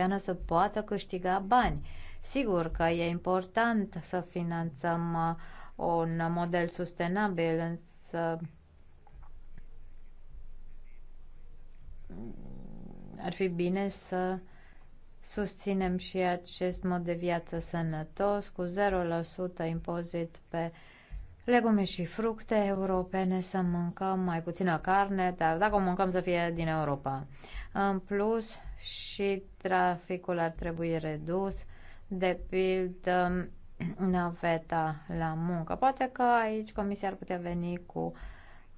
Europeană să poată câștiga bani. Sigur că e important să finanțăm uh, un model sustenabil, însă mm, ar fi bine să susținem și acest mod de viață sănătos cu 0% impozit pe legume și fructe europene, să mâncăm mai puțină carne, dar dacă o mâncăm să fie din Europa. În plus, și traficul ar trebui redus, de pildă naveta la muncă. Poate că aici Comisia ar putea veni cu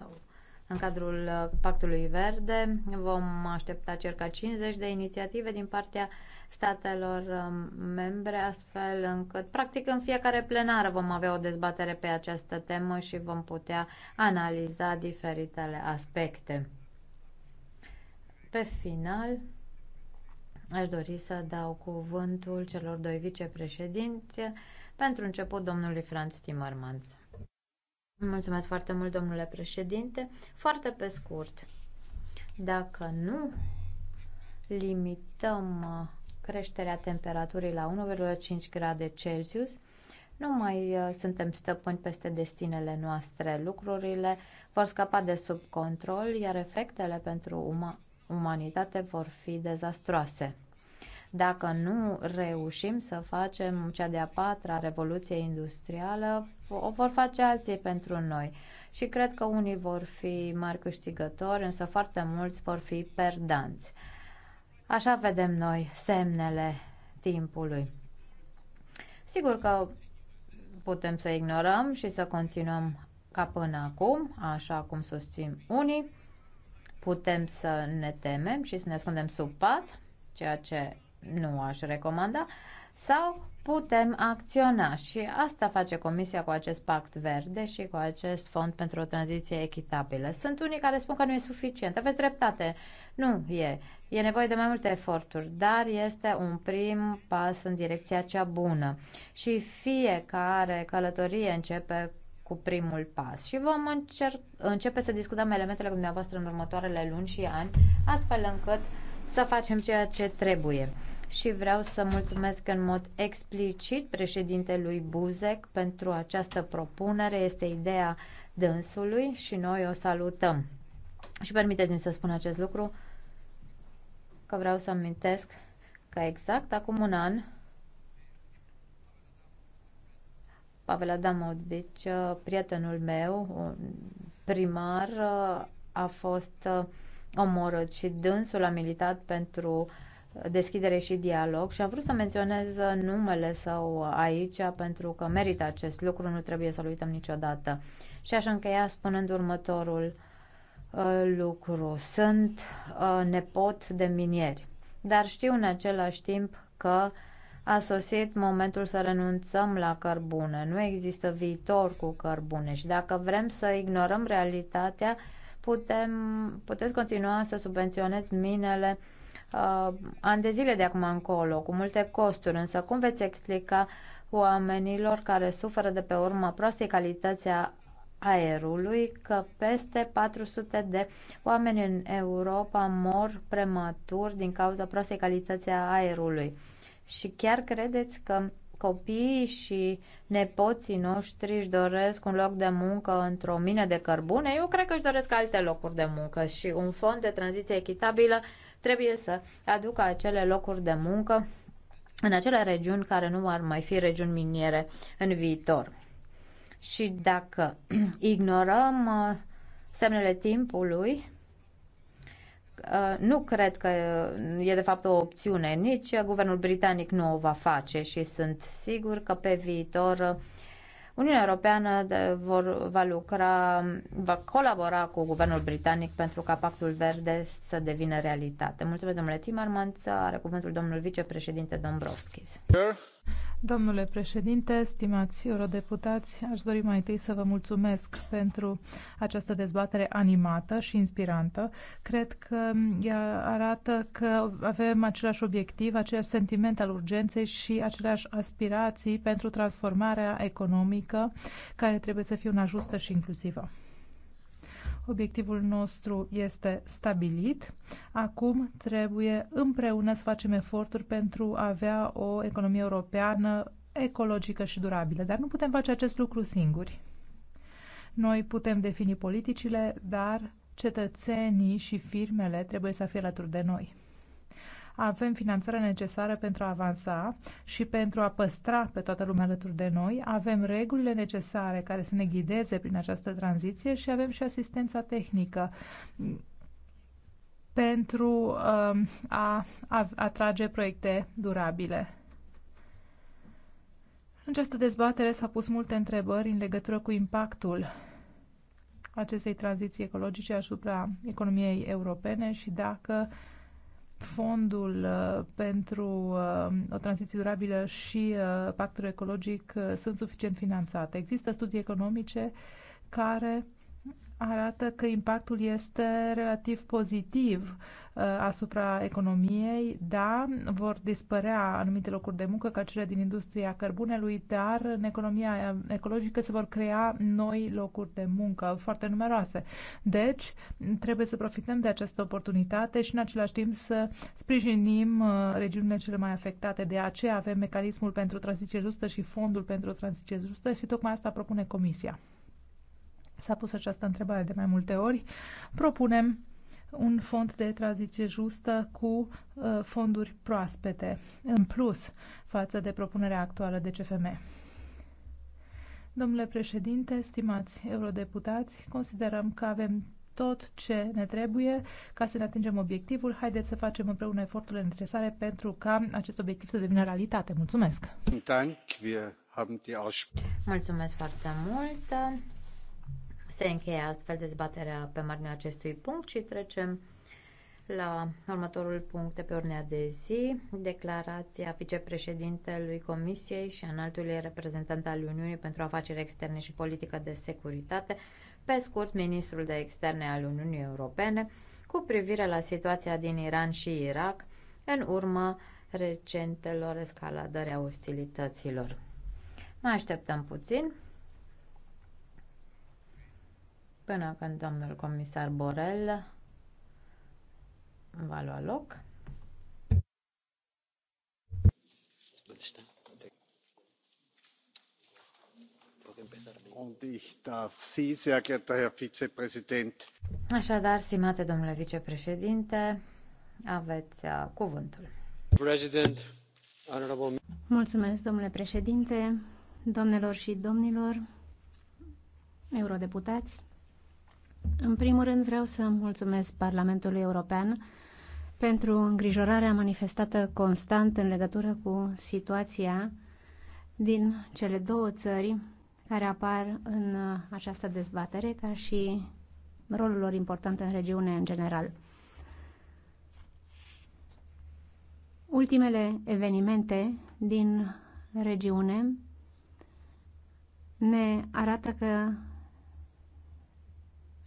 sau în cadrul uh, Pactului Verde. Vom aștepta circa 50 de inițiative din partea statelor um, membre, astfel încât, practic, în fiecare plenară vom avea o dezbatere pe această temă și vom putea analiza diferitele aspecte. Pe final, aș dori să dau cuvântul celor doi vicepreședinți, pentru început domnului Franz Timmermans. Mulțumesc foarte mult, domnule președinte. Foarte pe scurt, dacă nu limităm uh, creșterea temperaturii la 1,5 grade Celsius, nu mai uh, suntem stăpâni peste destinele noastre. Lucrurile vor scăpa de sub control, iar efectele pentru uma umanitate vor fi dezastroase. Dacă nu reușim să facem cea de-a patra revoluție industrială, o vor face alții pentru noi. Și cred că unii vor fi mari câștigători, însă foarte mulți vor fi perdanți. Așa vedem noi semnele timpului. Sigur că putem să ignorăm și să continuăm ca până acum, așa cum susțin unii. Putem să ne temem și să ne ascundem sub pat, ceea ce nu aș recomanda, sau putem acționa și asta face Comisia cu acest pact verde și cu acest fond pentru o tranziție echitabilă. Sunt unii care spun că nu e suficient. Aveți dreptate. Nu e. E nevoie de mai multe eforturi, dar este un prim pas în direcția cea bună. Și fiecare călătorie începe cu primul pas și vom încerc, începe să discutăm elementele cu dumneavoastră în următoarele luni și ani, astfel încât să facem ceea ce trebuie. Și vreau să mulțumesc în mod explicit președintelui Buzek pentru această propunere. Este ideea dânsului și noi o salutăm. Și permiteți-mi să spun acest lucru, că vreau să amintesc că exact acum un an Pavel Adamovic, prietenul meu, primar, a fost omorât și dânsul a militat pentru deschidere și dialog și am vrut să menționez numele său aici pentru că merită acest lucru, nu trebuie să-l uităm niciodată. Și aș încheia spunând următorul uh, lucru. Sunt uh, nepot de minieri, dar știu în același timp că a sosit momentul să renunțăm la cărbune. Nu există viitor cu cărbune și dacă vrem să ignorăm realitatea, putem, puteți continua să subvenționați minele uh, ani de zile de acum încolo, cu multe costuri, însă cum veți explica oamenilor care suferă de pe urmă proastei calități a aerului că peste 400 de oameni în Europa mor prematur din cauza proastei calitatea a aerului. Și chiar credeți că copiii și nepoții noștri își doresc un loc de muncă într-o mină de cărbune, eu cred că își doresc alte locuri de muncă și un fond de tranziție echitabilă trebuie să aducă acele locuri de muncă în acele regiuni care nu ar mai fi regiuni miniere în viitor. Și dacă ignorăm uh, semnele timpului, Uh, nu cred că uh, e de fapt o opțiune, nici uh, guvernul britanic nu o va face și sunt sigur că pe viitor Uniunea Europeană de, vor, va lucra, va colabora cu guvernul britanic pentru ca pactul verde să devină realitate. Mulțumesc, domnule Timmermans. Are cuvântul domnul vicepreședinte Dombrovskis. Sure. Domnule președinte, stimați eurodeputați, aș dori mai întâi să vă mulțumesc pentru această dezbatere animată și inspirantă. Cred că ea arată că avem același obiectiv, același sentiment al urgenței și aceleași aspirații pentru transformarea economică care trebuie să fie una justă și inclusivă. Obiectivul nostru este stabilit. Acum trebuie împreună să facem eforturi pentru a avea o economie europeană ecologică și durabilă, dar nu putem face acest lucru singuri. Noi putem defini politicile, dar cetățenii și firmele trebuie să fie alături de noi avem finanțarea necesară pentru a avansa și pentru a păstra pe toată lumea alături de noi, avem regulile necesare care să ne ghideze prin această tranziție și avem și asistența tehnică pentru um, a atrage proiecte durabile. În această dezbatere s-au pus multe întrebări în legătură cu impactul acestei tranziții ecologice asupra economiei europene și dacă uh, fondul uh, pentru uh, o tranziție durabilă și uh, pactul ecologic sunt suficient finanțate. Există studii economice care arată că impactul este relativ pozitiv uh, asupra economiei, da, vor dispărea anumite locuri de muncă ca cele din industria cărbunelui, dar în economia uh, ecologică se vor crea noi locuri de muncă foarte numeroase. Deci, trebuie să profităm de această oportunitate și în același timp să sprijinim uh, regiunile cele mai afectate. De aceea avem mecanismul pentru tranziție justă și fondul pentru tranziție justă și tocmai asta propune Comisia. S-a pus această întrebare de mai multe ori. Propunem un fond de tranziție justă cu uh, fonduri proaspete, în plus față de propunerea actuală de CFM. Domnule președinte, stimați eurodeputați, considerăm că avem tot ce ne trebuie ca să ne atingem obiectivul. Haideți să facem împreună eforturile necesare pentru ca acest obiectiv să devină realitate. Mulțumesc! Mulțumesc foarte mult! Se încheie astfel dezbaterea pe marginea acestui punct și trecem la următorul punct de pe ordinea de zi, declarația vicepreședintelui Comisiei și înaltului reprezentant al Uniunii pentru afaceri externe și politică de securitate, pe scurt ministrul de externe al Uniunii Europene, cu privire la situația din Iran și Irak în urma recentelor escaladări a ostilităților. Mai așteptăm puțin până când domnul comisar Borel va lua loc. Und ich darf Sie, sehr geehrter Herr Vizepräsident. Așadar, stimate domnule vicepreședinte, aveți uh, cuvântul. President, honorable... Mulțumesc, domnule președinte, domnilor și domnilor eurodeputați. În primul rând vreau să mulțumesc Parlamentului European pentru îngrijorarea manifestată constant în legătură cu situația din cele două țări care apar în această dezbatere, ca și rolul lor important în regiune în general. Ultimele evenimente din regiune ne arată că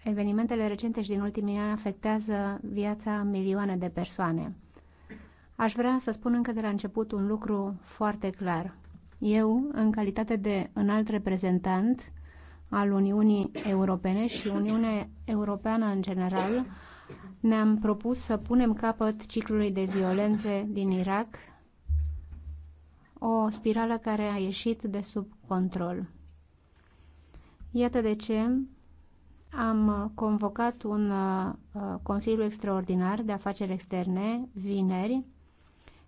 Evenimentele recente și din ultimii ani afectează viața milioane de persoane. Aș vrea să spun încă de la început un lucru foarte clar. Eu, în calitate de înalt reprezentant al Uniunii Europene și Uniunea Europeană în general, ne-am propus să punem capăt ciclului de violențe din Irak, o spirală care a ieșit de sub control. Iată de ce am uh, convocat un uh, uh, Consiliu Extraordinar de Afaceri Externe vineri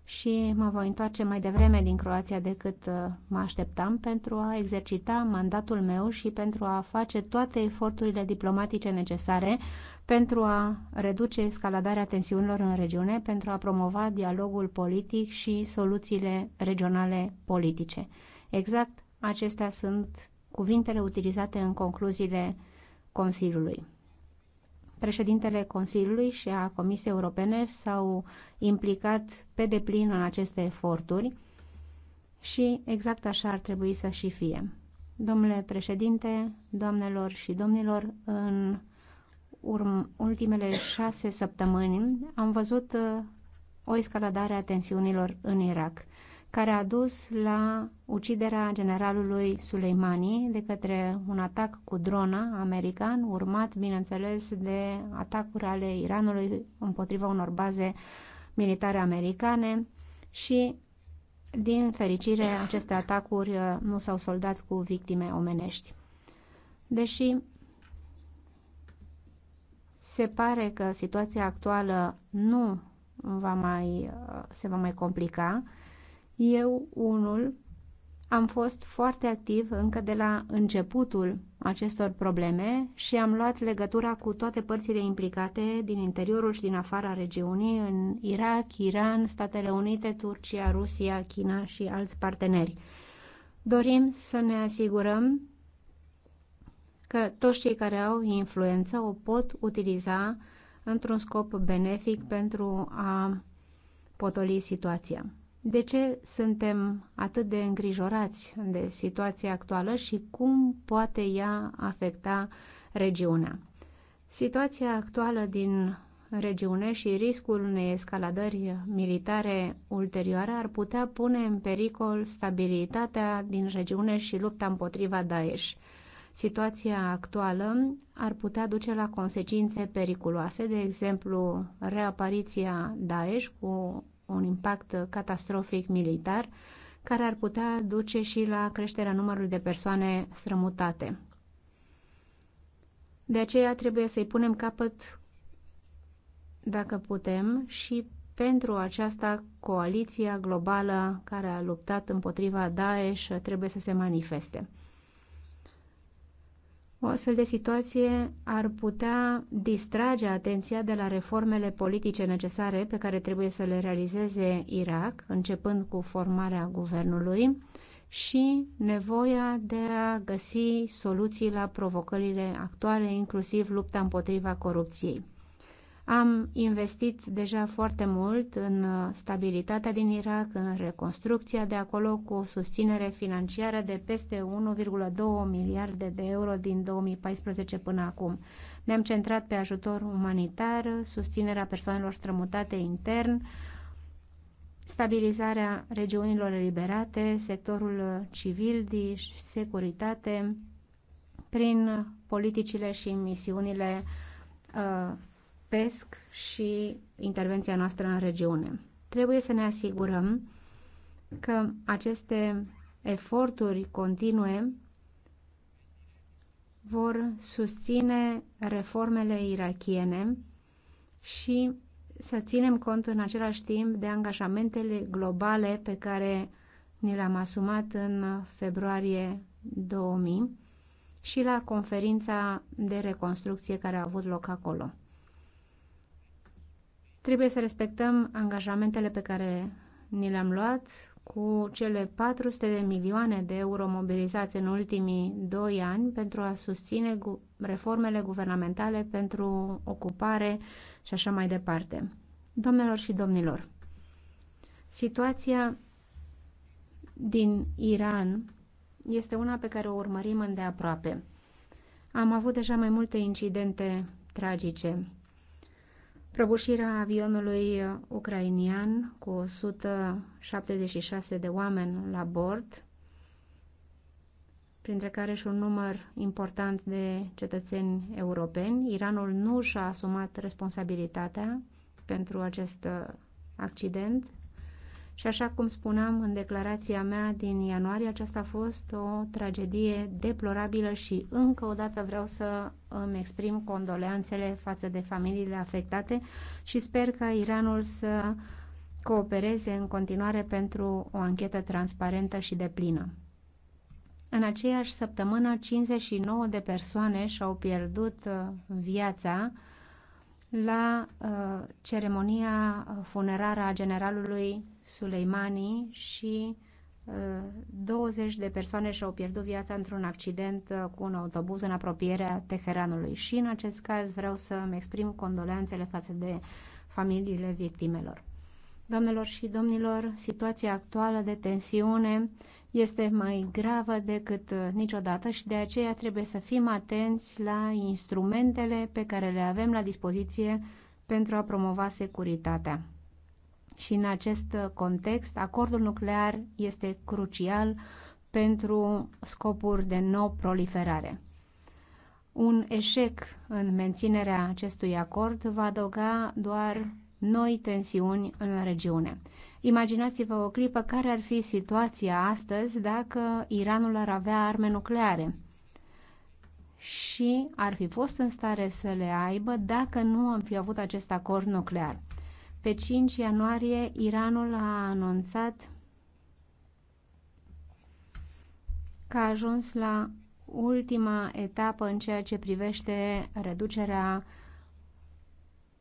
și mă voi întoarce mai devreme din Croația decât mă așteptam pentru a exercita mandatul meu și pentru a face toate eforturile diplomatice necesare pentru a reduce escaladarea tensiunilor în regiune, pentru a promova dialogul politic și soluțiile regionale politice. Exact acestea sunt cuvintele utilizate în concluziile Consiliului. Președintele Consiliului și a Comisiei Europene s-au implicat pe deplin în aceste eforturi și exact așa ar trebui să și fie. Domnule președinte, doamnelor și domnilor, în urm- ultimele șase săptămâni am văzut uh, o escaladare a tensiunilor în Irak care a dus la uciderea generalului Suleimani de către un atac cu dronă american, urmat, bineînțeles, de atacuri ale Iranului împotriva unor baze militare americane și, din fericire, aceste atacuri uh, nu s-au soldat cu victime omenești. Deși se pare că situația actuală nu va mai, uh, se va mai complica, eu, unul, am fost foarte activ încă de la începutul acestor probleme și am luat legătura cu toate părțile implicate din interiorul și din afara regiunii, în Irak, Iran, Statele Unite, Turcia, Rusia, China și alți parteneri. Dorim să ne asigurăm că toți cei care au influență o pot utiliza într-un scop benefic pentru a potoli situația. De ce suntem atât de îngrijorați de situația actuală și cum poate ea afecta regiunea? Situația actuală din regiune și riscul unei escaladări militare ulterioare ar putea pune în pericol stabilitatea din regiune și lupta împotriva Daesh. Situația actuală ar putea duce la consecințe periculoase, de exemplu reapariția Daesh cu un impact catastrofic militar, care ar putea duce și la creșterea numărului de persoane strămutate. De aceea trebuie să-i punem capăt, dacă putem, și pentru aceasta coaliția globală care a luptat împotriva Daesh trebuie să se manifeste. O astfel de situație ar putea distrage atenția de la reformele politice necesare pe care trebuie să le realizeze Irak, începând cu formarea guvernului și nevoia de a găsi soluții la provocările actuale, inclusiv lupta împotriva corupției. Am investit deja foarte mult în uh, stabilitatea din Irak, în reconstrucția de acolo cu o susținere financiară de peste 1,2 miliarde de euro din 2014 până acum. Ne-am centrat pe ajutor umanitar, susținerea persoanelor strămutate intern, stabilizarea regiunilor eliberate, sectorul uh, civil de securitate, prin politicile și misiunile uh, PESC și intervenția noastră în regiune. Trebuie să ne asigurăm că aceste eforturi continue vor susține reformele irachiene și să ținem cont în același timp de angajamentele globale pe care ni le-am asumat în februarie 2000 și la conferința de reconstrucție care a avut loc acolo. Trebuie să respectăm angajamentele pe care ni le-am luat cu cele 400 de milioane de euro mobilizați în ultimii doi ani pentru a susține reformele guvernamentale pentru ocupare și așa mai departe. Domnilor și domnilor, situația din Iran este una pe care o urmărim îndeaproape. Am avut deja mai multe incidente tragice Prăbușirea avionului uh, ucrainian cu 176 de oameni la bord, printre care și un număr important de cetățeni europeni. Iranul nu și-a asumat responsabilitatea pentru acest uh, accident și așa cum spuneam în declarația mea din ianuarie, aceasta a fost o tragedie deplorabilă și încă o dată vreau să îmi exprim condoleanțele față de familiile afectate și sper că Iranul să coopereze în continuare pentru o anchetă transparentă și deplină. În aceeași săptămână, 59 de persoane și-au pierdut uh, viața la uh, ceremonia funerară a generalului Suleimani și 20 uh, de persoane și-au pierdut viața într-un accident uh, cu un autobuz în apropierea Teheranului. Și în acest caz vreau să-mi exprim condoleanțele față de familiile victimelor. Doamnelor și domnilor, situația actuală de tensiune este mai gravă decât uh, niciodată și de aceea trebuie să fim atenți la instrumentele pe care le avem la dispoziție pentru a promova securitatea. Și în acest context, acordul nuclear este crucial pentru scopuri de nou proliferare Un eșec în menținerea acestui acord va adăuga doar noi tensiuni în regiune. Imaginați-vă o clipă care ar fi situația astăzi dacă Iranul ar avea arme nucleare și ar fi fost în stare să le aibă dacă nu am fi avut acest acord nuclear. Pe 5 ianuarie, Iranul a anunțat că a ajuns la ultima etapă în ceea ce privește reducerea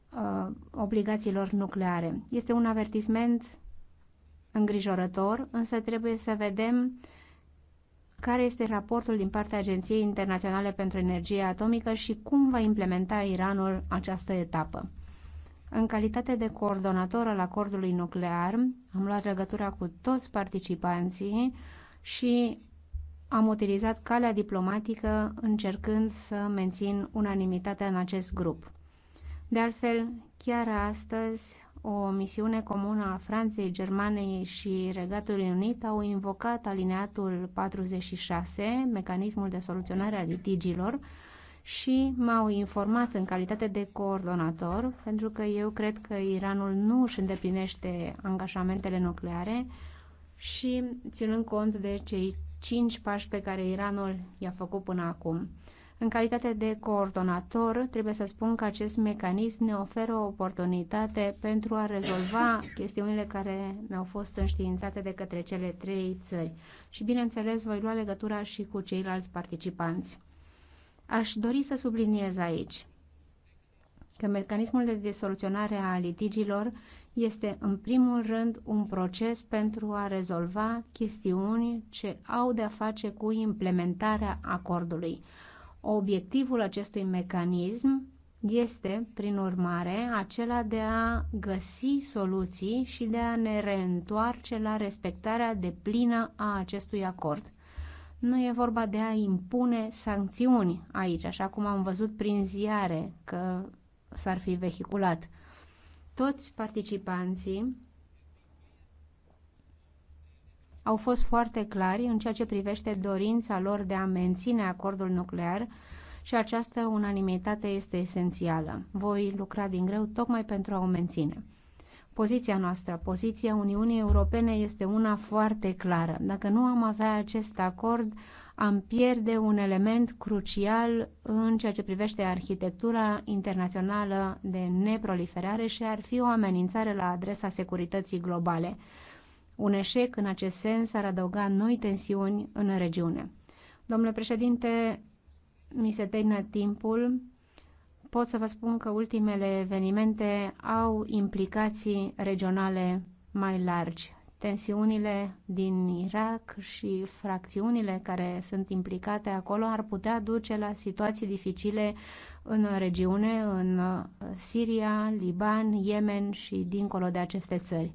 uh, obligațiilor nucleare. Este un avertisment îngrijorător, însă trebuie să vedem care este raportul din partea Agenției Internaționale pentru Energie Atomică și cum va implementa Iranul această etapă. În calitate de coordonator al acordului nuclear, am luat legătura cu toți participanții și am utilizat calea diplomatică încercând să mențin unanimitatea în acest grup. De altfel, chiar astăzi, o misiune comună a Franței, Germaniei și Regatului Unit au invocat alineatul 46, mecanismul de soluționare a litigiilor, și m-au informat în calitate de coordonator, pentru că eu cred că Iranul nu își îndeplinește angajamentele nucleare și ținând cont de cei cinci pași pe care Iranul i-a făcut până acum. În calitate de coordonator, trebuie să spun că acest mecanism ne oferă o oportunitate pentru a rezolva chestiunile care mi-au fost înștiințate de către cele trei țări. Și, bineînțeles, voi lua legătura și cu ceilalți participanți. Aș dori să subliniez aici că mecanismul de soluționare a litigiilor este în primul rând un proces pentru a rezolva chestiuni ce au de-a face cu implementarea acordului. Obiectivul acestui mecanism este, prin urmare, acela de a găsi soluții și de a ne reîntoarce la respectarea deplină a acestui acord. Nu e vorba de a impune sancțiuni aici, așa cum am văzut prin ziare că s-ar fi vehiculat. Toți participanții au fost foarte clari în ceea ce privește dorința lor de a menține acordul nuclear și această unanimitate este esențială. Voi lucra din greu tocmai pentru a o menține. Poziția noastră, poziția Uniunii Europene este una foarte clară. Dacă nu am avea acest acord, am pierde un element crucial în ceea ce privește arhitectura internațională de neproliferare și ar fi o amenințare la adresa securității globale. Un eșec în acest sens ar adăuga noi tensiuni în regiune. Domnule președinte, mi se termină timpul pot să vă spun că ultimele evenimente au implicații regionale mai largi. Tensiunile din Irak și fracțiunile care sunt implicate acolo ar putea duce la situații dificile în regiune, în uh, Siria, Liban, Yemen și dincolo de aceste țări.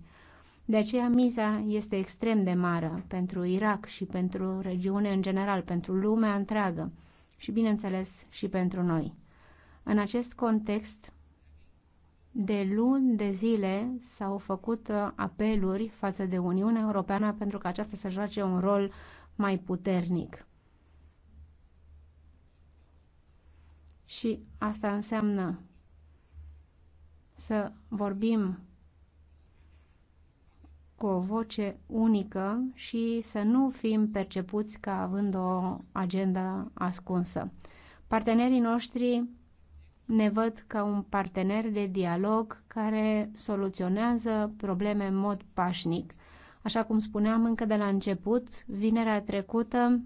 De aceea miza este extrem de mare pentru Irak și pentru regiune în general, pentru lumea întreagă și, bineînțeles, și pentru noi. În acest context, de luni de zile s-au făcut uh, apeluri față de Uniunea Europeană pentru că aceasta să joace un rol mai puternic. Și asta înseamnă să vorbim cu o voce unică și să nu fim percepuți ca având o agendă ascunsă. Partenerii noștri ne văd ca un partener de dialog care soluționează probleme în mod pașnic. Așa cum spuneam încă de la început, vinerea trecută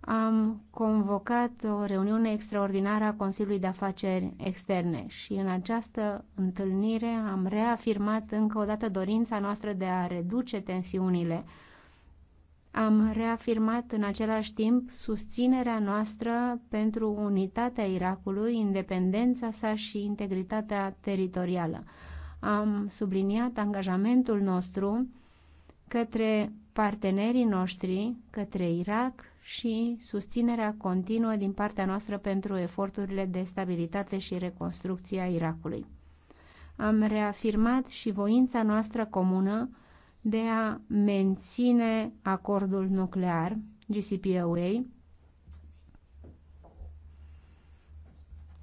am convocat o reuniune extraordinară a Consiliului de Afaceri Externe și în această întâlnire am reafirmat încă o dată dorința noastră de a reduce tensiunile am reafirmat în același timp susținerea noastră pentru unitatea Irakului, independența sa și integritatea teritorială. Am subliniat angajamentul nostru către partenerii noștri, către Irak și susținerea continuă din partea noastră pentru eforturile de stabilitate și reconstrucție a Irakului. Am reafirmat și voința noastră comună de a menține acordul nuclear GCPOA,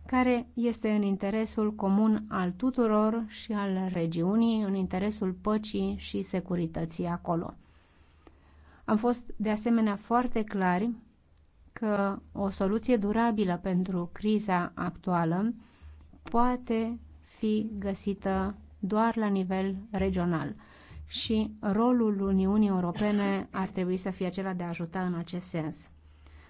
care este în interesul comun al tuturor și al regiunii, în interesul păcii și securității acolo. Am fost de asemenea foarte clari că o soluție durabilă pentru criza actuală poate fi găsită doar la nivel regional și rolul Uniunii Europene ar trebui să fie acela de a ajuta în acest sens.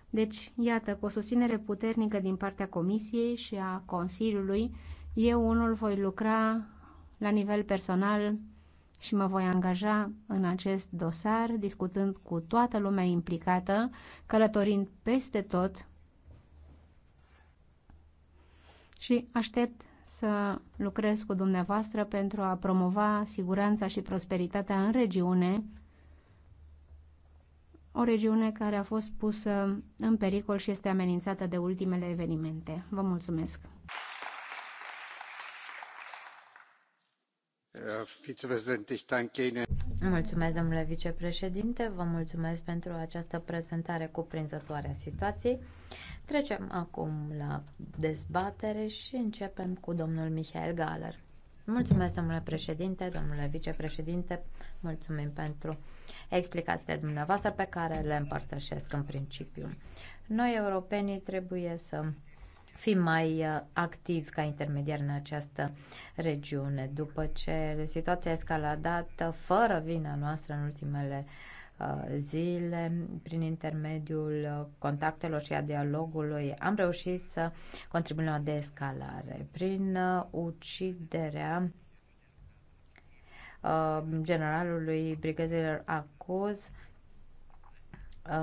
Deci, iată, cu o susținere puternică din partea Comisiei și a Consiliului, eu unul voi lucra la nivel personal și mă voi angaja în acest dosar, discutând cu toată lumea implicată, călătorind peste tot și aștept să lucrez cu dumneavoastră pentru a promova siguranța și prosperitatea în regiune, o regiune care a fost pusă în pericol și este amenințată de ultimele evenimente. Vă mulțumesc! Mulțumesc, domnule vicepreședinte, vă mulțumesc pentru această prezentare cuprinzătoare a situației. Trecem acum la dezbatere și începem cu domnul Michael Galer. Mulțumesc, domnule președinte, domnule vicepreședinte, mulțumim pentru explicațiile dumneavoastră pe care le împărtășesc în principiu. Noi, europenii, trebuie să fi mai uh, activ ca intermediar în această regiune. După ce situația a escaladat uh, fără vina noastră în ultimele uh, zile, prin intermediul contactelor și a dialogului, am reușit să contribuim la deescalare. Prin uciderea generalului brigadelor acuz,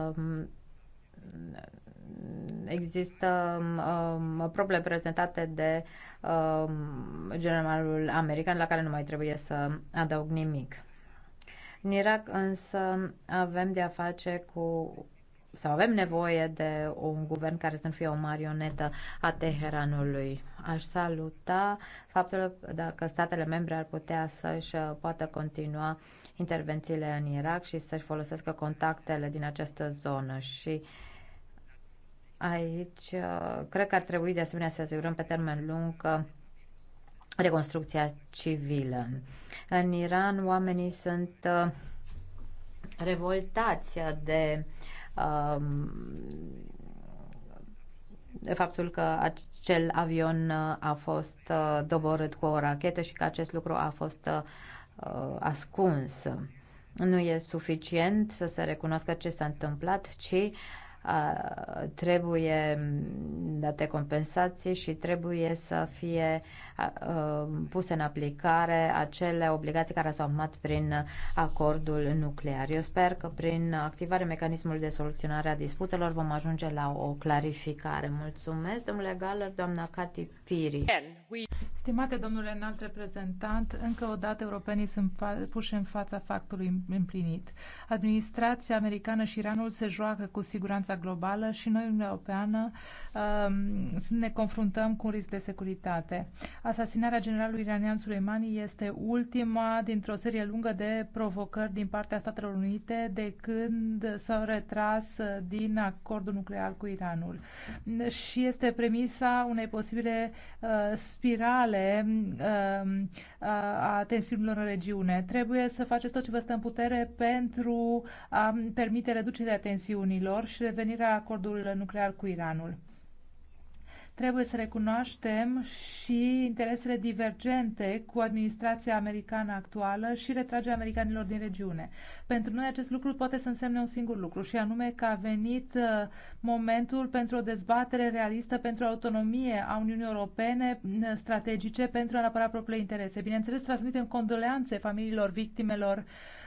um, există um, um, probleme prezentate de um, generalul american la care nu mai trebuie să adaug nimic. În Irak însă avem de a face cu sau avem nevoie de un guvern care să nu fie o marionetă a Teheranului. Aș saluta faptul că statele membre ar putea să-și poată continua intervențiile în Irak și să-și folosească contactele din această zonă și uh, Aici uh, cred că ar trebui de asemenea să asigurăm pe termen lung că reconstrucția civilă. În Iran oamenii sunt uh, revoltați de um, de faptul că acel avion uh, a fost doborât cu o rachetă și că acest lucru a fost ascuns. Nu e suficient să se recunoască ce s-a întâmplat, ci trebuie mm, date compensații și trebuie să fie puse în aplicare acele obligații care s-au urmat prin acordul nuclear. Eu sper că prin activarea mecanismului de soluționare a disputelor vom ajunge la o clarificare. Mulțumesc, domnule Galler, doamna Cati Piri. Stimate domnule înalt reprezentant, încă o dată europenii sunt puși în fața factului împlinit. Administrația americană și Iranul se joacă cu siguranță piața globală și noi, Uniunea Europeană, um, ne confruntăm cu un risc de securitate. Asasinarea generalului iranian Suleimani este ultima dintr-o serie lungă de provocări din partea Statelor Unite de când s-au retras din acordul nuclear cu Iranul. Și este premisa unei posibile uh, spirale uh, a tensiunilor în regiune. Trebuie să faceți tot ce vă stă în putere pentru a permite reducerea tensiunilor și prevenirea acordului nuclear cu Iranul. Trebuie să recunoaștem și interesele divergente cu administrația americană actuală și retragerea americanilor din regiune. Pentru noi acest lucru poate să însemne un singur lucru și anume că a venit uh, momentul pentru o dezbatere realistă pentru autonomie a Uniunii Europene uh, strategice pentru a apăra propriile interese. Bineînțeles, transmitem condoleanțe familiilor victimelor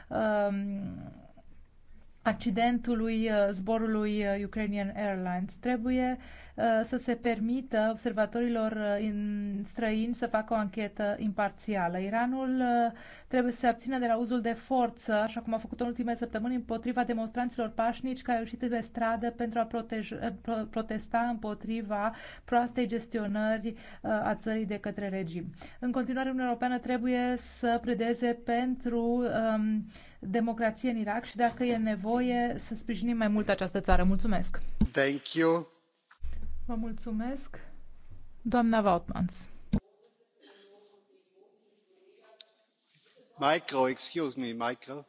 um, accidentului uh, zborului uh, Ukrainian Airlines. Trebuie uh, să se permită observatorilor străini să facă o anchetă imparțială. Iranul trebuie să se abțină de la uzul de forță, așa cum a făcut în ultimele săptămâni, împotriva demonstranților pașnici care au ieșit pe stradă pentru a protej- protesta împotriva proastei gestionări a țării de către regim. În continuare, Uniunea Europeană trebuie să predeze pentru um, democrație în Irak și dacă e nevoie să sprijinim mai mult această țară. Mulțumesc! Thank you. Vă mulțumesc, doamna Vautmans. Micro, excuse me, micro.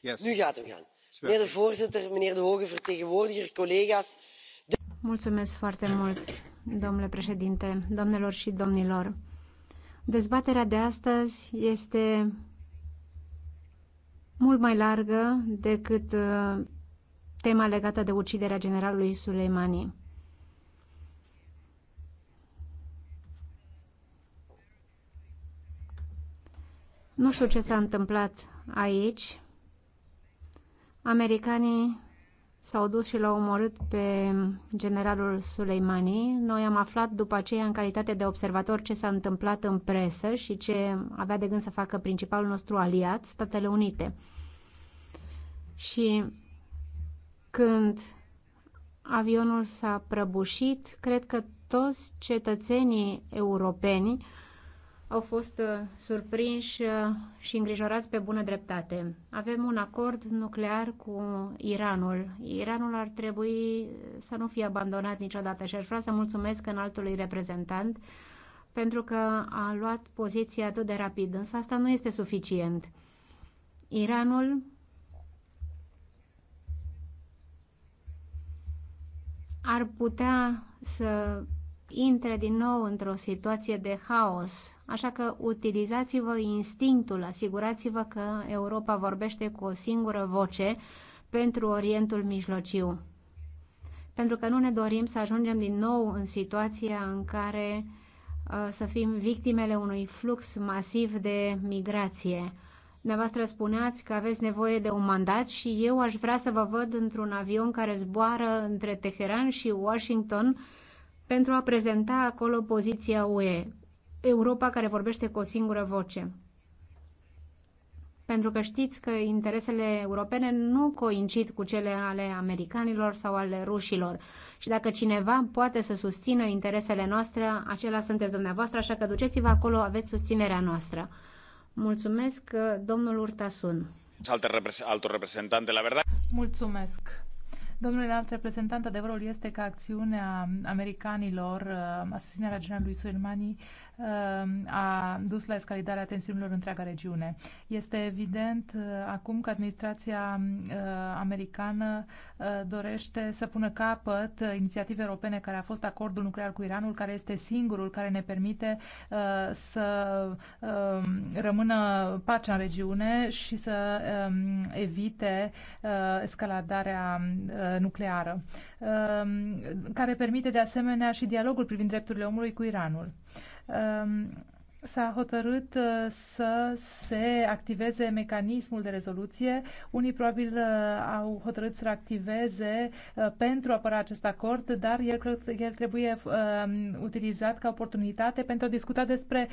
Yes. Nu gaat hem gaan. Meneer de voorzitter, meneer de hoge vertegenwoordiger, collega's. De... Mulțumesc foarte mult, domnule președinte, domnilor și domnilor. Dezbaterea de astăzi este mult mai largă decât uh, tema legată de uciderea generalului Suleimani. Nu știu ce s-a întâmplat aici. Americanii s-au dus și l-au omorât pe generalul Suleimani. Noi am aflat după aceea, în calitate de observator, ce s-a întâmplat în presă și ce avea de gând să facă principalul nostru aliat, Statele Unite. Și când avionul s-a prăbușit, cred că toți cetățenii europeni au fost uh, surprinși uh, și îngrijorați pe bună dreptate. Avem un acord nuclear cu Iranul. Iranul ar trebui uh, să nu fie abandonat niciodată și aș vrea să mulțumesc înaltului reprezentant pentru că a luat poziția atât de rapid, însă asta nu este suficient. Iranul ar putea să intre din nou într-o situație de haos. Așa că utilizați-vă instinctul, asigurați-vă că Europa vorbește cu o singură voce pentru Orientul Mijlociu. Pentru că nu ne dorim să ajungem din nou în situația în care uh, să fim victimele unui flux masiv de migrație. Dumneavoastră spuneați că aveți nevoie de un mandat și eu aș vrea să vă văd într-un avion care zboară între Teheran și Washington uh, pentru a prezenta acolo poziția UE, Europa care vorbește cu o singură voce. Pentru că știți că interesele europene nu coincid cu cele ale americanilor sau ale rușilor. Și dacă cineva poate să susțină interesele noastre, acela sunteți dumneavoastră, așa că duceți-vă acolo, aveți susținerea noastră. Mulțumesc, domnul Urtasun. Altor reprezentante, la verdad. Mulțumesc Domnule înalt reprezentant, adevărul este că acțiunea americanilor, uh, asasinarea generalului Soleimani, Uh, a dus la escaladarea tensiunilor în întreaga regiune. Este evident uh, acum că administrația uh, americană dorește să pună capăt inițiative europene care a fost acordul nuclear cu Iranul, care este singurul care ne permite să rămână pacea în regiune și să um, evite escaladarea nucleară, um, care permite de asemenea și dialogul privind drepturile omului cu Iranul um, s-a hotărât uh, să se activeze mecanismul de rezoluție. Unii probabil uh, au hotărât să-l activeze uh, pentru a apăra acest acord, dar el, cred, el trebuie utilizat ca oportunitate pentru a discuta despre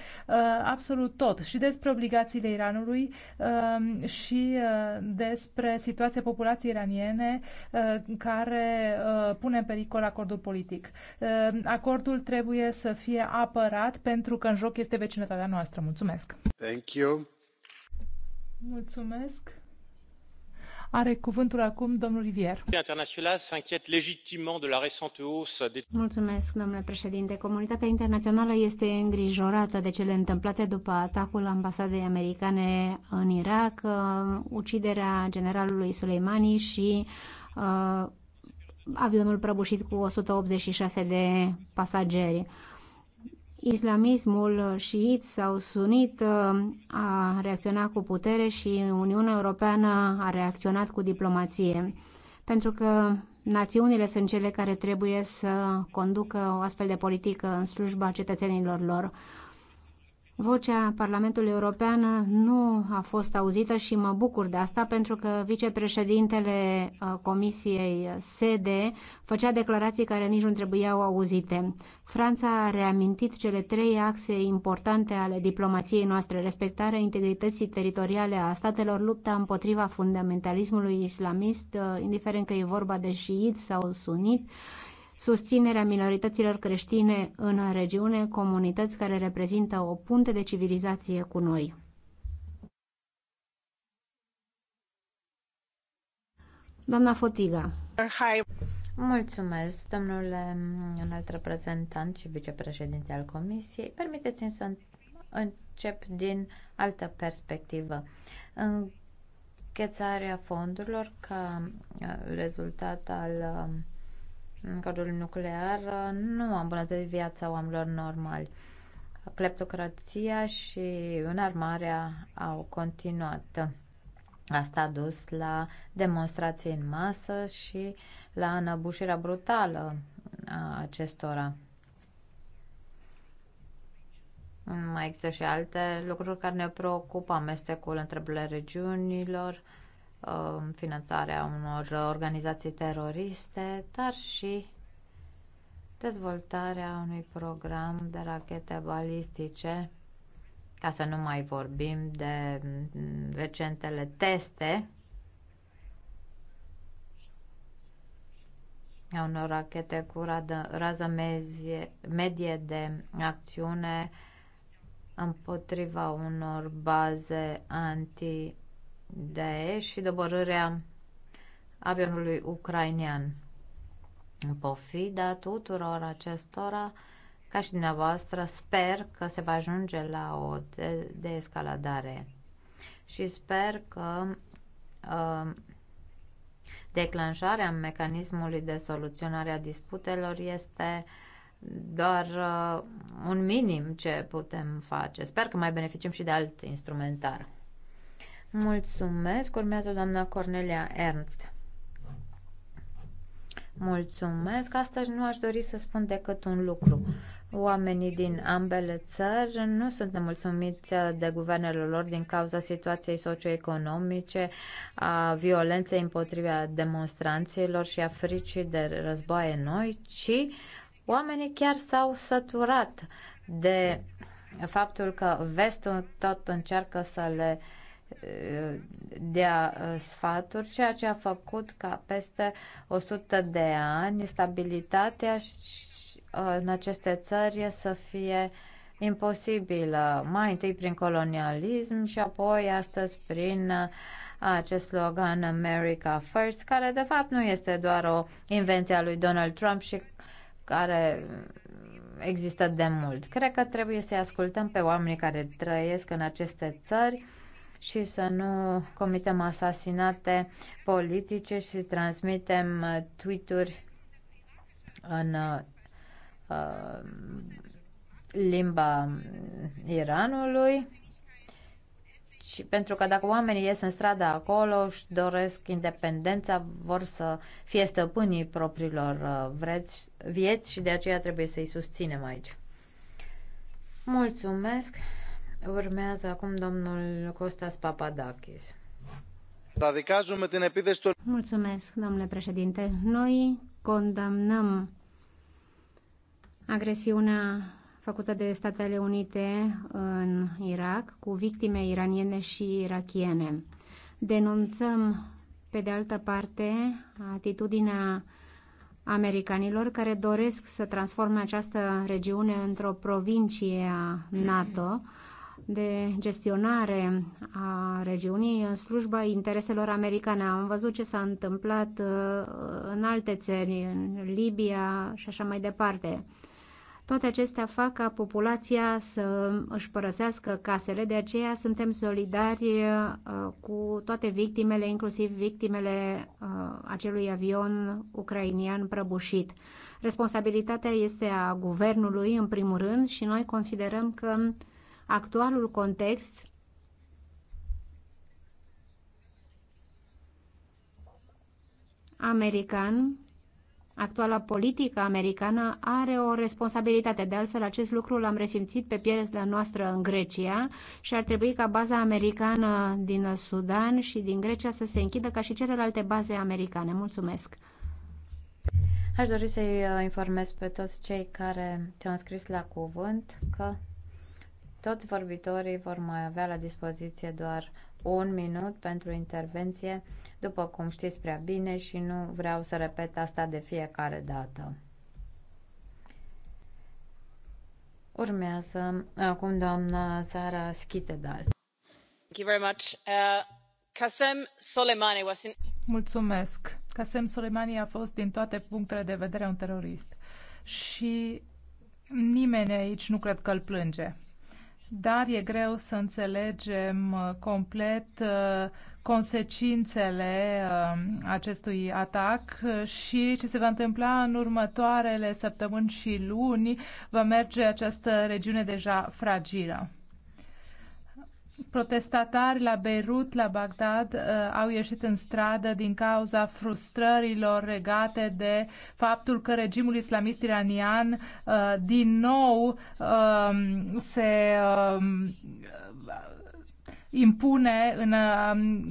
absolut tot și despre obligațiile Iranului um, și despre situația populației iraniene care pune în pericol acordul politic. Acordul trebuie să fie apărat pentru că în joc este vecinătatea vecinătatea noastră. Mulțumesc! Thank you. Mulțumesc! Are cuvântul acum domnul Rivier. Mulțumesc, domnule președinte. Comunitatea internațională este îngrijorată de cele întâmplate după atacul ambasadei americane în Irak, uh, uciderea generalului Soleimani și uh, avionul prăbușit cu 186 de pasageri islamismul uh, șiit sau sunit uh, a reacționat cu putere și Uniunea Europeană a reacționat cu diplomație. Pentru că națiunile sunt cele care trebuie să conducă o astfel de politică în slujba cetățenilor lor. Vocea Parlamentului European nu a fost auzită și mă bucur de asta pentru că vicepreședintele uh, Comisiei sede făcea declarații care nici nu trebuiau auzite. Franța a reamintit cele trei axe importante ale diplomației noastre, respectarea integrității teritoriale a statelor, lupta împotriva fundamentalismului islamist, uh, indiferent că e vorba de șiit sau sunit, susținerea minorităților creștine în regiune, comunități care reprezintă o punte de civilizație cu noi. Doamna Fotiga. Mulțumesc, domnule înalt reprezentant și vicepreședinte al Comisiei. Permiteți-mi să încep din altă perspectivă. Înghețarea fondurilor ca uh, rezultat al um, în cadrul nuclear nu a îmbunătățit viața oamenilor normali. Cleptocrația și înarmarea au continuat. Asta a dus la demonstrații în masă și la înăbușirea brutală a acestora. Mai există și alte lucruri care ne preocupă, amestecul întrebările regiunilor, uh, Um, finanțarea unor organizații teroriste, dar și dezvoltarea unui program de rachete balistice, ca să nu mai vorbim de mm, recentele teste a unor rachete cu radă, rază mezie, medie de acțiune împotriva unor baze anti Daesh și dobărârea avionului ucrainean. În pofida tuturor acestora, ca și dumneavoastră, sper că se va ajunge la o de- deescaladare și sper că uh, declanșarea mecanismului de soluționare a disputelor este doar uh, un minim ce putem face. Sper că mai beneficiem și de alt instrumentar. Mulțumesc. Urmează doamna Cornelia Ernst. Mulțumesc. Astăzi nu aș dori să spun decât un lucru. Oamenii din ambele țări nu sunt nemulțumiți de guvernele lor din cauza situației socioeconomice, a violenței împotriva demonstranților și a fricii de războaie noi, ci oamenii chiar s-au săturat de faptul că vestul tot încearcă să le uh, dea ă, sfaturi, ceea ce a făcut ca peste 100 de ani stabilitatea ă, în aceste țări să fie imposibilă, mai întâi prin colonialism și apoi astăzi prin ă, acest slogan America First, care de fapt nu este doar o invenție a lui Donald Trump și care există de mult. Cred că trebuie să ascultăm pe oamenii care trăiesc în aceste țări și să nu comitem asasinate politice și transmitem uh, tweet-uri în uh, uh, limba Iranului. Și pentru că dacă oamenii ies în stradă acolo, și doresc independența, vor să fie stăpânii propriilor uh, vreți, vieți și de aceea trebuie să-i susținem aici. Mulțumesc! Urmează acum domnul Costas Papadakis. Mulțumesc, domnule președinte. Noi condamnăm agresiunea făcută de Statele Unite în Irak cu victime iraniene și irachiene. Denunțăm, pe de altă parte, atitudinea americanilor care doresc să transforme această regiune într-o provincie a NATO, mm de gestionare a regiunii în slujba intereselor americane. Am văzut ce s-a întâmplat uh, în alte țări, în Libia și așa mai departe. Toate acestea fac ca populația să își părăsească casele, de aceea suntem solidari uh, cu toate victimele, inclusiv victimele uh, acelui avion ucrainian prăbușit. Responsabilitatea este a guvernului, în primul rând, și noi considerăm că actualul context american, actuala politică americană are o responsabilitate. De altfel, acest lucru l-am resimțit pe pielea noastră în Grecia și ar trebui ca baza americană din Sudan și din Grecia să se închidă ca și celelalte baze americane. Mulțumesc! Aș dori să-i uh, informez pe toți cei care te-au înscris la cuvânt că toți vorbitorii vor mai avea la dispoziție doar un minut pentru intervenție, după cum știți prea bine și nu vreau să repet asta de fiecare dată. Urmează acum doamna Sara Schitedal. Thank you very much. Uh, Kasem Soleimani was in... Mulțumesc. Kasem Soleimani a fost din toate punctele de vedere un terorist. Și nimeni aici nu cred că îl plânge dar e greu să înțelegem uh, complet uh, consecințele uh, acestui atac și ce se va întâmpla în următoarele săptămâni și luni va merge această regiune deja fragilă. Protestatari la Beirut, la Bagdad, uh, au ieșit în stradă din cauza frustrărilor regate de faptul că regimul islamist iranian uh, din nou um, se um, impune în um,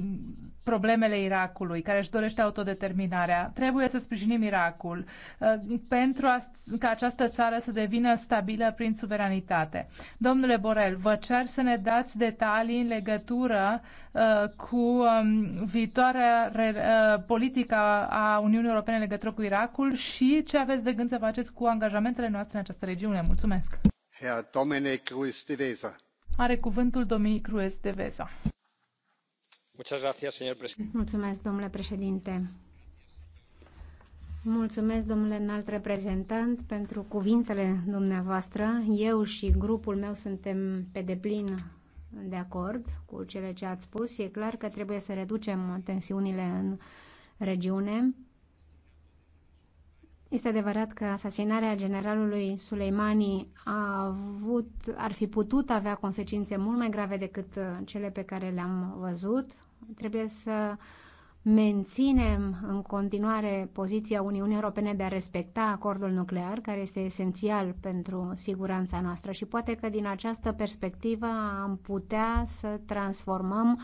problemele Irakului, care își dorește autodeterminarea. Trebuie să sprijinim Irakul uh, pentru a, ca această țară să devină stabilă prin suveranitate. Domnule Borel, vă cer să ne dați detalii în legătură uh, cu um, viitoarea uh, politică a Uniunii Europene în legătură cu Irakul și ce aveți de gând să faceți cu angajamentele noastre în această regiune. Mulțumesc! Herr Dominic Ruiz de Weser. Are cuvântul Dominic Ruiz de Weser domnule președinte. Mulțumesc, domnule înalt reprezentant, pentru cuvintele dumneavoastră. Eu și grupul meu suntem pe deplin de acord cu cele ce ați spus. E clar că trebuie să reducem tensiunile în regiune. Este adevărat că asasinarea generalului Suleimani a avut, ar fi putut avea consecințe mult mai grave decât cele pe care le-am văzut Trebuie să menținem în continuare poziția Uniunii Europene de a respecta acordul nuclear, care este esențial pentru siguranța noastră și poate că din această perspectivă am putea să transformăm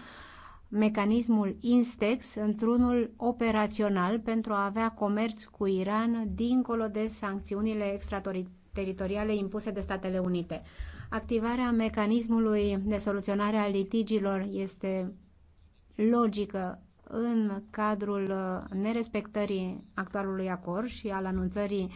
mecanismul Instex într-unul operațional pentru a avea comerț cu Iran dincolo de sancțiunile extrateritoriale impuse de Statele Unite. Activarea mecanismului de soluționare a litigiilor este logică în cadrul uh, nerespectării actualului acord și al anunțării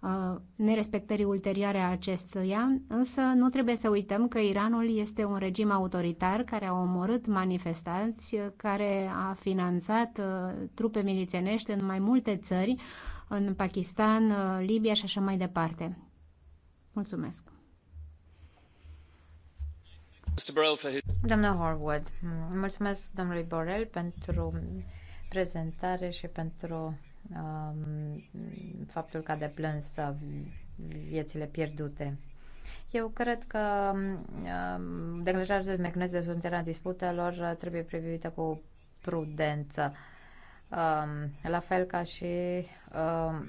uh, nerespectării ulterioare a acestuia, însă nu trebuie să uităm că Iranul este un regim autoritar care a omorât manifestanți, uh, care a finanțat trupe milițienești în mai multe țări, în Pakistan, Libia și așa mai departe. Mulțumesc! Doamna Horwood, mulțumesc domnului Borel pentru prezentare și pentru um, faptul că a deplâns uh, viețile pierdute. Eu cred că um, declanșarea de mecanism de soluționare a disputelor uh, trebuie privită cu prudență. Um, la fel ca și um,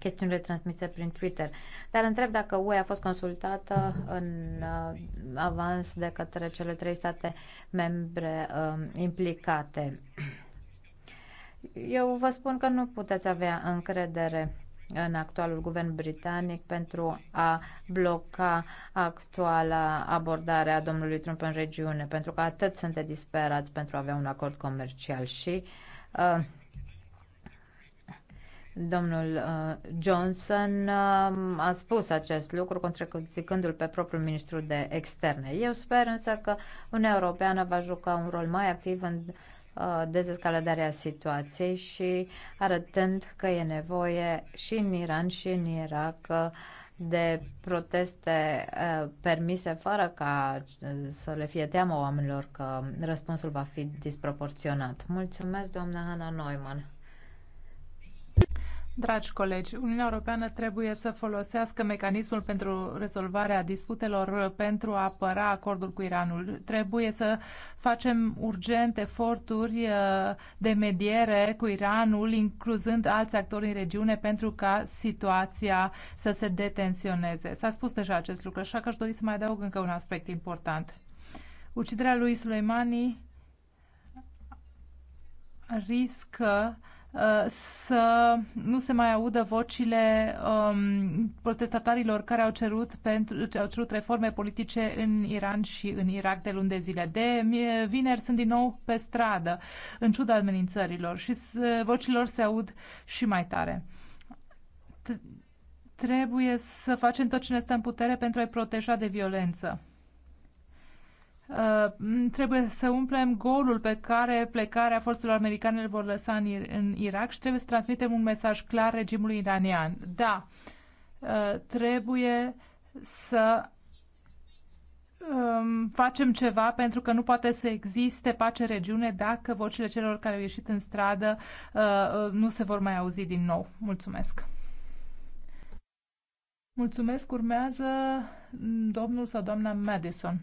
chestiunile transmise prin Twitter. Dar întreb dacă UE a fost consultată în uh, avans de către cele trei state membre uh, implicate. Eu vă spun că nu puteți avea încredere în actualul guvern britanic pentru a bloca actuala abordare a domnului Trump în regiune, pentru că atât sunt disperați pentru a avea un acord comercial și uh, Domnul uh, Johnson uh, a spus acest lucru, contrazicându-l pe propriul ministru de externe. Eu sper însă că Uniunea Europeană va juca un rol mai activ în uh, dezescaladarea situației și arătând că e nevoie și în Iran și în Irak de proteste permise fără ca să le fie teamă oamenilor că răspunsul va fi disproporționat. Mulțumesc, doamna Hanna Neumann. Dragi colegi, Uniunea Europeană trebuie să folosească mecanismul pentru rezolvarea disputelor pentru a apăra acordul cu Iranul. Trebuie să facem urgent eforturi uh, de mediere cu Iranul, incluzând alți actori în regiune, pentru ca situația să se detensioneze. S-a spus deja acest lucru, așa că aș dori să mai adaug încă un aspect important. Uciderea lui Suleimani riscă Uh, să nu se mai audă vocile um, protestatarilor care au cerut, pentru, au cerut reforme politice în Iran și în Irak de luni de zile. De vineri sunt din nou pe stradă, în ciuda amenințărilor și vocilor se aud și mai tare. T- trebuie să facem tot ce ne stă în putere pentru a-i proteja de violență Uh, trebuie să umplem golul pe care plecarea forțelor americane îl vor lăsa în, în Irak și trebuie să transmitem un mesaj clar regimului iranian. Da, uh, trebuie să um, facem ceva pentru că nu poate să existe pace regiune dacă vocile celor care au ieșit în stradă uh, nu se vor mai auzi din nou. Mulțumesc! Mulțumesc! Urmează domnul sau doamna Madison.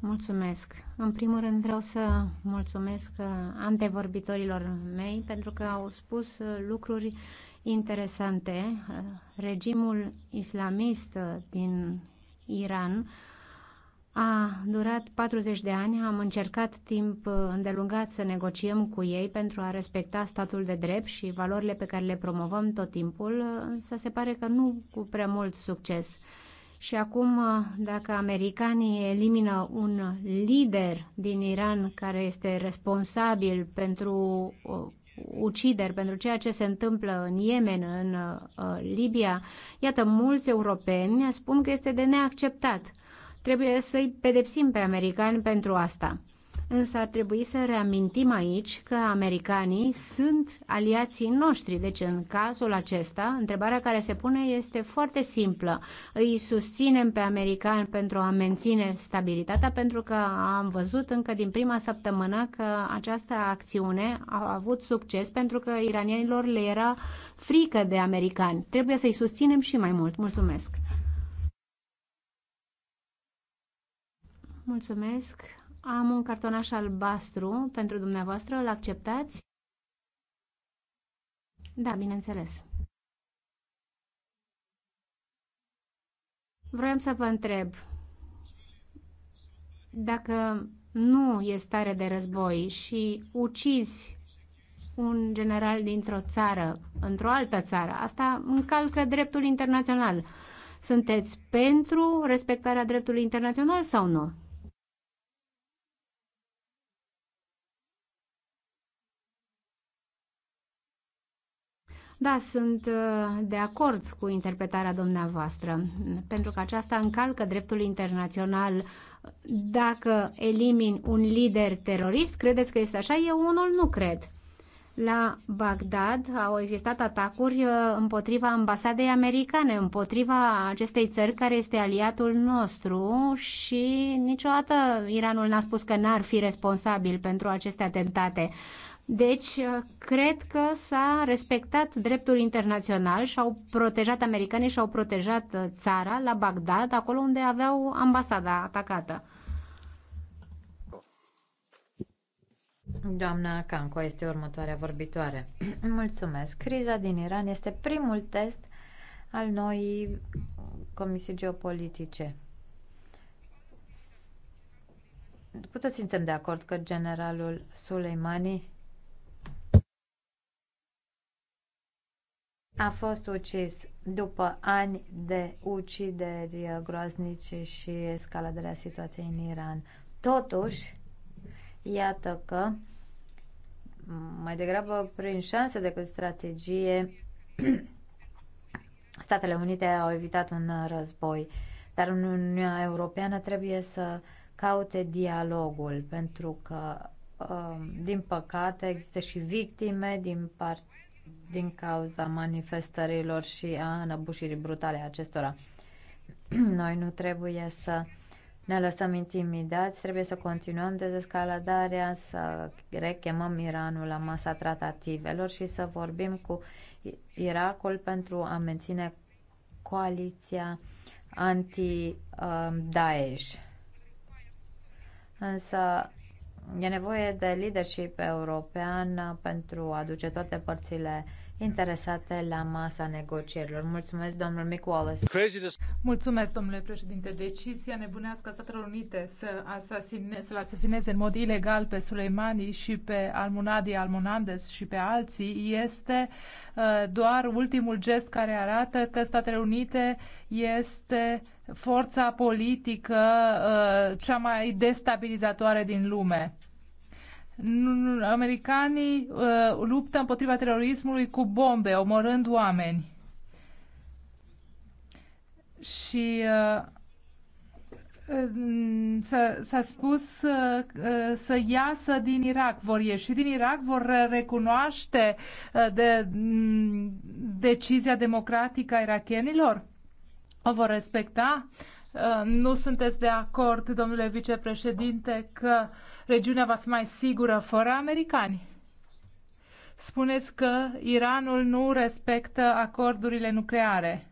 Mulțumesc. În primul rând vreau să mulțumesc uh, antevorbitorilor mei pentru că au spus uh, lucruri interesante. Uh, regimul islamist din Iran a durat 40 de ani, am încercat timp îndelungat să negociem cu ei pentru a respecta statul de drept și valorile pe care le promovăm tot timpul, însă se pare că nu cu prea mult succes. Și acum, uh, dacă americanii elimină un lider din Iran care este responsabil pentru uh, ucideri, pentru ceea ce se întâmplă în Yemen, în uh, Libia, iată, mulți europeni spun că este de neacceptat. Trebuie să-i pedepsim pe americani pentru asta. Însă ar trebui să reamintim aici că americanii sunt aliații noștri. Deci, în cazul acesta, întrebarea care se pune este foarte simplă. Îi susținem pe americani pentru a menține stabilitatea, pentru că am văzut încă din prima săptămână că această acțiune a avut succes pentru că iranienilor le era frică de americani. Trebuie să-i susținem și mai mult. Mulțumesc! Mulțumesc! Am un cartonaș albastru pentru dumneavoastră. Îl acceptați? Da, bineînțeles. Vreau să vă întreb dacă nu e stare de război și ucizi un general dintr-o țară, într-o altă țară, asta încalcă dreptul internațional. Sunteți pentru respectarea dreptului internațional sau nu? Da, sunt uh, de acord cu interpretarea dumneavoastră, pentru că aceasta încalcă dreptul internațional. Dacă elimini un lider terorist, credeți că este așa? Eu unul nu cred. La Bagdad au existat atacuri uh, împotriva ambasadei americane, împotriva acestei țări care este aliatul nostru și niciodată Iranul n-a spus că n-ar fi responsabil pentru aceste atentate. Deci, uh, cred că s-a respectat dreptul internațional și au protejat americanii și au protejat uh, țara la Bagdad, acolo unde aveau ambasada atacată. Doamna Canco este următoarea vorbitoare. Mulțumesc. Criza din Iran este primul test al noii comisii geopolitice. Cu toți suntem de acord că generalul Suleimani a fost ucis după ani de ucideri groaznice și escaladarea situației în Iran. Totuși, iată că mai degrabă prin șanse decât strategie Statele Unite au evitat un război, dar Uniunea Europeană trebuie să caute dialogul, pentru că, um, din păcate, există și victime din partea din cauza manifestărilor și a înăbușirii brutale a acestora. Noi nu trebuie să ne lăsăm intimidați, trebuie să continuăm dezescaladarea, să rechemăm Iranul la masa tratativelor și să vorbim cu Irakul pentru a menține coaliția anti-Daesh. Uh, Însă E nevoie de leadership european pentru a duce toate părțile interesate la masa negocierilor. Mulțumesc, domnul Mick Wallace. Mulțumesc, domnule președinte. Decizia nebunească a Statelor Unite să asasine, să-l asasineze în mod ilegal pe Suleimani și pe Almunadi Almonandes și pe alții este uh, doar ultimul gest care arată că Statele Unite este uh, forța politică uh, cea mai destabilizatoare din lume. Americanii uh, luptă împotriva terorismului cu bombe, omorând oameni. Și uh, mm, S-a spus să, să iasă din Irak. Vor ieși din Irak, vor recunoaște de, mm, decizia democratică a irakienilor? o vor respecta? Uh, nu sunteți de acord, domnule vicepreședinte, că regiunea va fi mai sigură fără americani? Spuneți că Iranul nu respectă acordurile nucleare.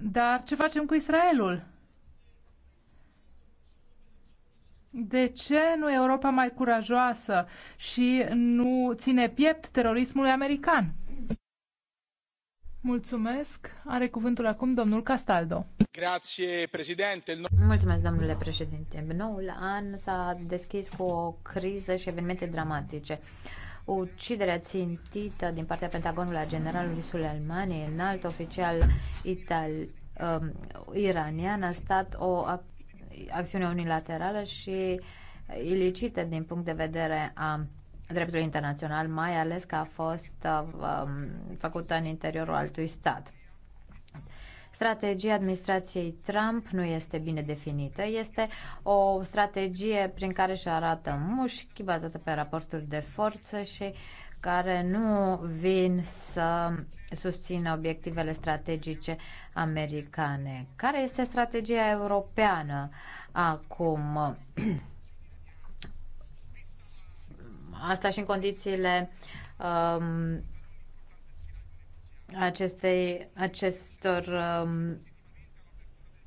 Dar ce facem cu Israelul? De ce nu Europa mai curajoasă și nu ține piept terorismului american? Mulțumesc. Are cuvântul acum domnul Castaldo. Grazie, președinte. Mulțumesc, domnule președinte. Noul an s-a deschis cu o criză și evenimente dramatice. Uciderea țintită din partea Pentagonului a generalului Suleimani, înalt oficial ital, um, iranian, a stat o ac- acțiune unilaterală și ilicită din punct de vedere a dreptul internațional, mai ales că a fost uh, um, făcută în interiorul altui stat. Strategia administrației Trump nu este bine definită. Este o strategie prin care își arată mușchi, bazată pe raporturi de forță și care nu vin să susțină obiectivele strategice americane. Care este strategia europeană acum? Asta și în condițiile um, acestei, acestor um,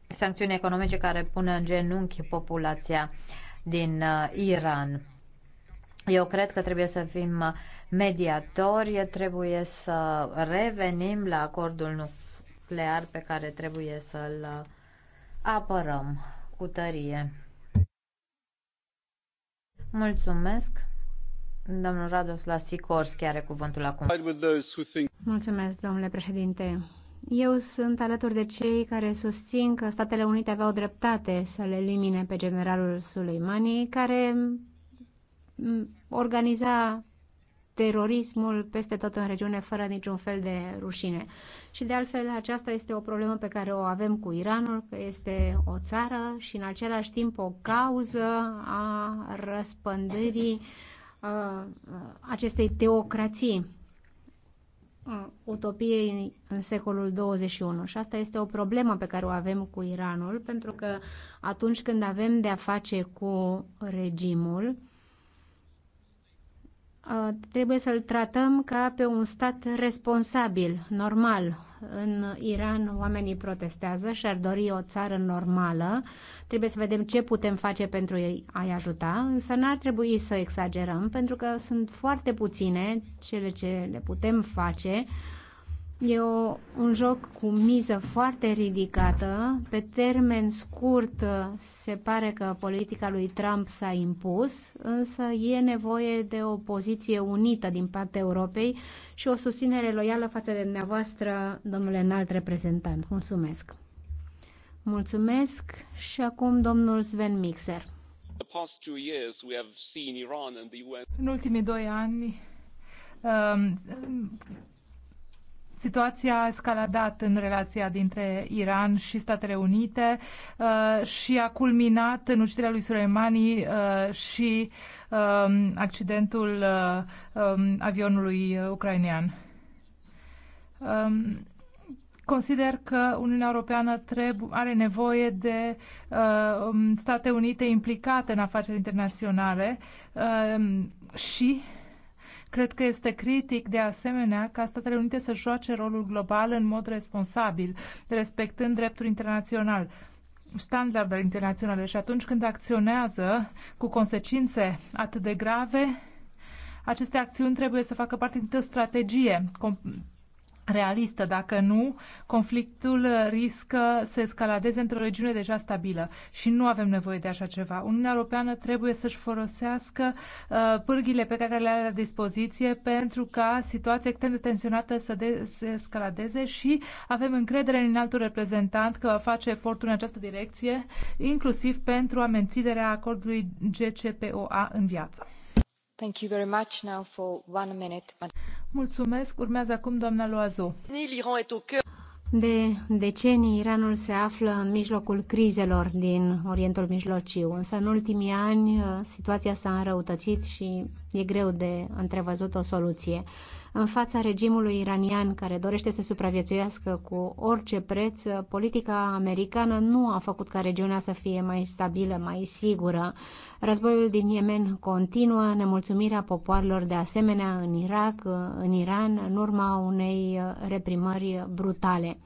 sancțiuni economice care pun în genunchi populația din uh, Iran. Eu cred că trebuie să fim mediatori, trebuie să revenim la acordul nuclear pe care trebuie să-l uh, apărăm cu tărie. Mulțumesc! Domnul Radoslav Sikorski are cuvântul acum. Mulțumesc, domnule președinte. Eu sunt alături de cei care susțin că Statele Unite aveau dreptate să le elimine pe generalul Suleimani, care organiza terorismul peste tot în regiune fără niciun fel de rușine. Și de altfel aceasta este o problemă pe care o avem cu Iranul, că este o țară și în același timp o cauză a răspândării uh, Uh, acestei teocrații uh, utopiei în secolul 21. Și asta este o problemă pe care o avem cu Iranul, pentru că atunci când avem de-a face cu regimul, uh, trebuie să-l tratăm ca pe un stat responsabil, normal, în Iran oamenii protestează și ar dori o țară normală. Trebuie să vedem ce putem face pentru a-i ajuta, însă n-ar trebui să exagerăm, pentru că sunt foarte puține cele ce le putem face E o, un joc cu miză foarte ridicată. Pe termen scurt se pare că politica lui Trump s-a impus, însă e nevoie de o poziție unită din partea Europei și o susținere loială față de dumneavoastră, domnule înalt reprezentant. Mulțumesc! Mulțumesc și acum domnul Sven Mixer. În ultimii doi ani um, Situația a escaladat în relația dintre Iran și Statele Unite uh, și a culminat în uciderea lui Soleimani uh, și um, accidentul uh, um, avionului ucrainean um, consider că Uniunea Europeană trebuie, are nevoie de uh, State Unite implicate în afaceri internaționale uh, și Cred că este critic, de asemenea, ca Statele Unite să joace rolul global în mod responsabil, respectând dreptul internațional standardele internaționale și atunci când acționează cu consecințe atât de grave, aceste acțiuni trebuie să facă parte dintr-o strategie realistă. Dacă nu, conflictul riscă să escaladeze într-o regiune deja stabilă și nu avem nevoie de așa ceva. Uniunea Europeană trebuie să-și folosească uh, pârghile pe care le are la dispoziție pentru ca situația extrem de tensionată să, de- să escaladeze și avem încredere în altul reprezentant că va face efortul în această direcție, inclusiv pentru a menținerea acordului GCPOA în viață. Mulțumesc. Urmează acum De decenii, Iranul se află în mijlocul crizelor din Orientul Mijlociu, însă în ultimii ani uh, situația s-a înrăutățit și e greu de întrevăzut o soluție în fața regimului iranian care dorește să supraviețuiască cu orice preț, politica americană nu a făcut ca regiunea să fie mai stabilă, mai sigură. Războiul din Yemen continuă, nemulțumirea popoarelor de asemenea în Irak, în Iran, în urma unei reprimări brutale.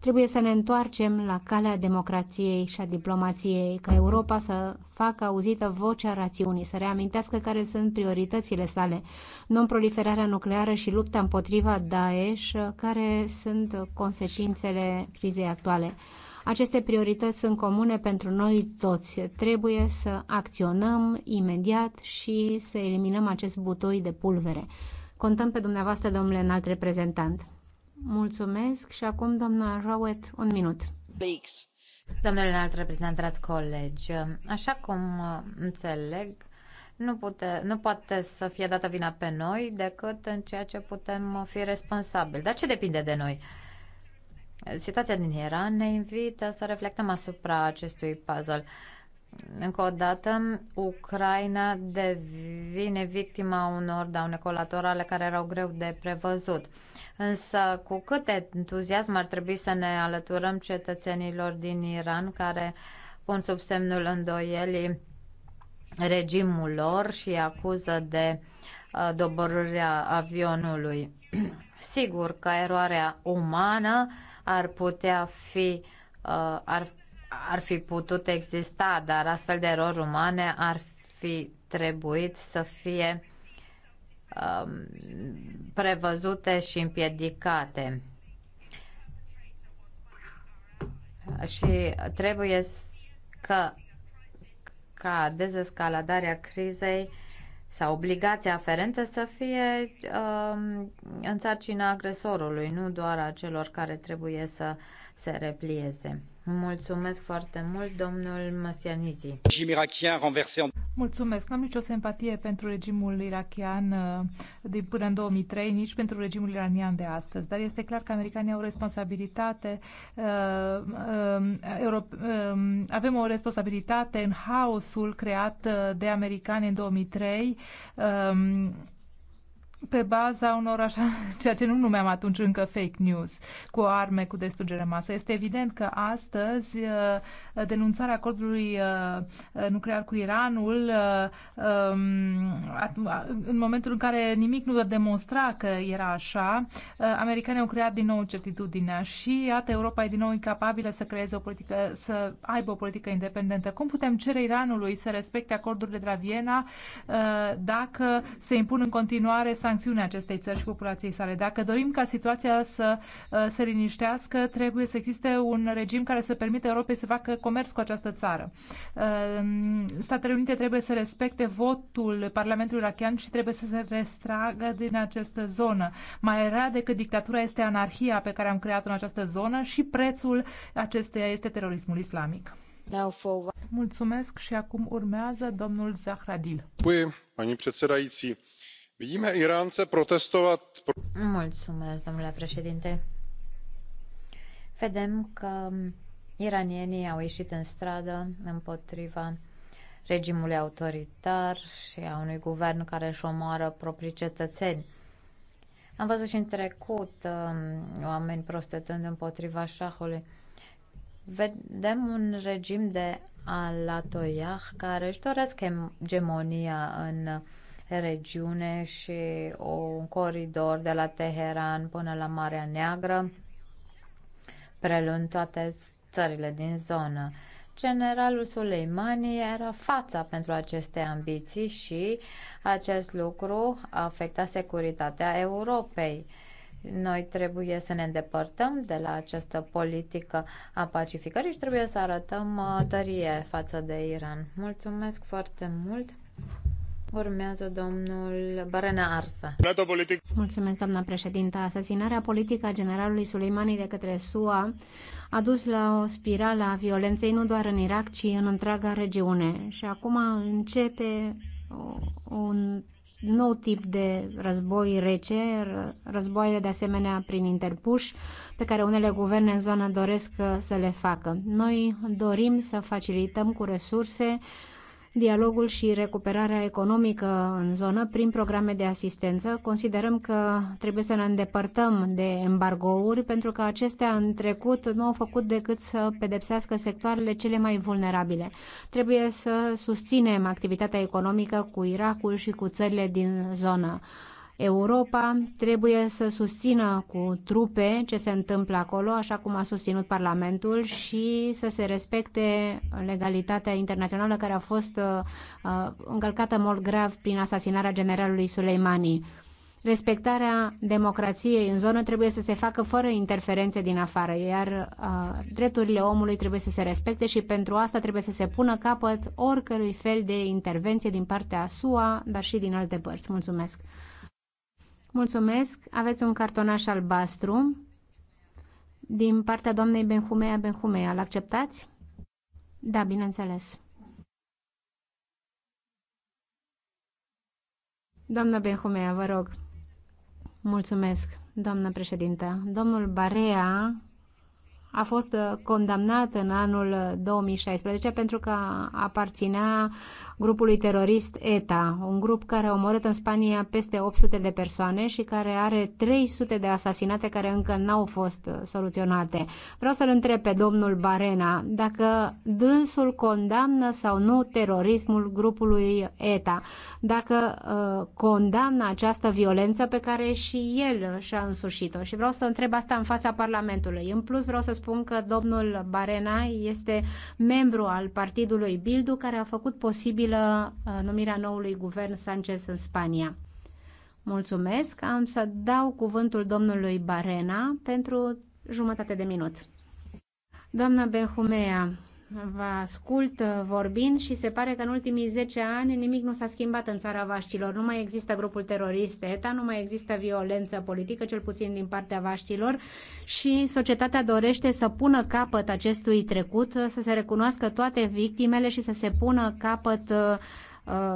Trebuie să ne întoarcem la calea democrației și a diplomației, ca Europa să facă auzită vocea rațiunii, să reamintească care sunt prioritățile sale, non-proliferarea nucleară și lupta împotriva Daesh, care sunt consecințele crizei actuale. Aceste priorități sunt comune pentru noi toți. Trebuie să acționăm imediat și să eliminăm acest butoi de pulvere. Contăm pe dumneavoastră, domnule înalt reprezentant. Mulțumesc și acum doamna Rowett, un minut. Leaks. Domnule înalt reprezentant, dragi colegi, așa cum uh, înțeleg, nu, pute, nu poate să fie dată vina pe noi decât în ceea ce putem fi responsabili. Dar ce depinde de noi? Situația din Iran ne invită să reflectăm asupra acestui puzzle. Încă o dată, Ucraina devine victima unor daune colaterale care erau greu de prevăzut. Însă, cu cât entuziasm ar trebui să ne alăturăm cetățenilor din Iran care pun sub semnul îndoielii regimul lor și acuză de uh, doborârea avionului. Sigur că eroarea umană ar putea fi uh, ar ar fi putut exista, dar astfel de erori umane ar fi trebuit să fie um, prevăzute și împiedicate. Și trebuie că ca dezescaladarea crizei sau obligația aferentă să fie um, în sarcina agresorului, nu doar a celor care trebuie să se replieze. Mulțumesc foarte mult, domnul Masianizi. Mulțumesc. N-am nicio simpatie pentru regimul irachian uh, din până în 2003, nici pentru regimul iranian de astăzi, dar este clar că americanii au responsabilitate. Uh, um, um, avem o responsabilitate în haosul creat uh, de americani în 2003 pe baza unor așa, ceea ce nu numeam atunci încă fake news, cu arme, cu destrugere masă. Este evident că astăzi uh, denunțarea acordului uh, uh, nuclear cu Iranul, um, în momentul în care nimic nu demonstra că era așa, americanii au creat din nou certitudinea și iată Europa e din nou incapabilă să creeze o politică, să aibă o politică independentă. Cum putem cere Iranului să respecte acordurile de la Viena dacă se impun în continuare să sancțiune acestei țări și populației sale. Dacă dorim ca situația să uh, se liniștească, trebuie să existe un regim care să permite Europei să facă comerț cu această țară. Uh, Statele Unite trebuie să respecte votul Parlamentului Irachian și trebuie să se restragă din această zonă. Mai era decât dictatura este anarhia pe care am creat-o în această zonă și prețul acesteia este terorismul islamic. Mulțumesc și acum urmează domnul Zahradil. Pani předsedající, domnule președinte vedem că iranienii au ieșit în stradă împotriva regimului autoritar și a unui guvern care își omoară proprii cetățeni. Am văzut și în trecut um, oameni prostetând împotriva șahului. Vedem un regim de alatoiah care își doresc hegemonia în regiune și o, un coridor de la Teheran până la Marea Neagră, preluând toate țările din zonă. Generalul Suleimani era fața pentru aceste ambiții și acest lucru afecta securitatea Europei. Noi trebuie să ne îndepărtăm de la această politică a pacificării și trebuie să arătăm uh, tărie față de Iran. Mulțumesc foarte mult! Urmează domnul Barana Arsa. Mulțumesc, doamna președintă. Asasinarea politică a generalului Suleimani de către SUA a dus la o spirală a violenței nu doar în Irak, ci în întreaga regiune. Și acum începe un nou tip de război rece, războaiele de asemenea prin interpuși, pe care unele guverne în zonă doresc să le facă. Noi dorim să facilităm cu resurse uh, dialogul și recuperarea economică în zonă prin programe de asistență. Considerăm că trebuie să ne îndepărtăm de embargouri pentru că acestea în trecut nu au făcut decât să pedepsească sectoarele cele mai vulnerabile. Trebuie să susținem activitatea economică cu Irakul și cu țările din zonă. Europa trebuie să susțină cu trupe ce se întâmplă acolo, așa cum a susținut Parlamentul, și să se respecte legalitatea internațională care a fost uh, uh încălcată mult grav prin asasinarea generalului Suleimani. Respectarea democrației în zonă trebuie să se facă fără interferențe din afară, iar uh, drepturile omului trebuie să se respecte și pentru asta trebuie să se pună capăt oricărui fel de intervenție din partea SUA, dar și din alte părți. Mulțumesc! Mulțumesc. Aveți un cartonaș albastru din partea doamnei Benhumea Benhumea. L-acceptați? Da, bineînțeles. Doamna Benhumea, vă rog. Mulțumesc, doamnă președintă. Domnul Barea a fost condamnat în anul 2016 pentru că aparținea grupului terorist ETA, un grup care a omorât în Spania peste 800 de persoane și care are 300 de asasinate care încă n-au fost uh, soluționate. Vreau să-l întreb pe domnul Barena dacă dânsul condamnă sau nu terorismul grupului ETA, dacă uh, condamnă această violență pe care și el și-a însușit-o. Și vreau să întreb asta în fața Parlamentului. În plus vreau să spun că domnul Barena este membru al partidului Bildu care a făcut posibil posibilă uh, numirea noului guvern Sanchez în Spania. Mulțumesc. Am să dau cuvântul domnului Barena pentru jumătate de minut. Doamna Benhumea, vă ascult vorbind și se pare că în ultimii 10 ani nimic nu s-a schimbat în țara vaștilor. Nu mai există grupul terorist ETA, nu mai există violență politică, cel puțin din partea vaștilor și societatea dorește să pună capăt acestui trecut, să se recunoască toate victimele și să se pună capăt uh,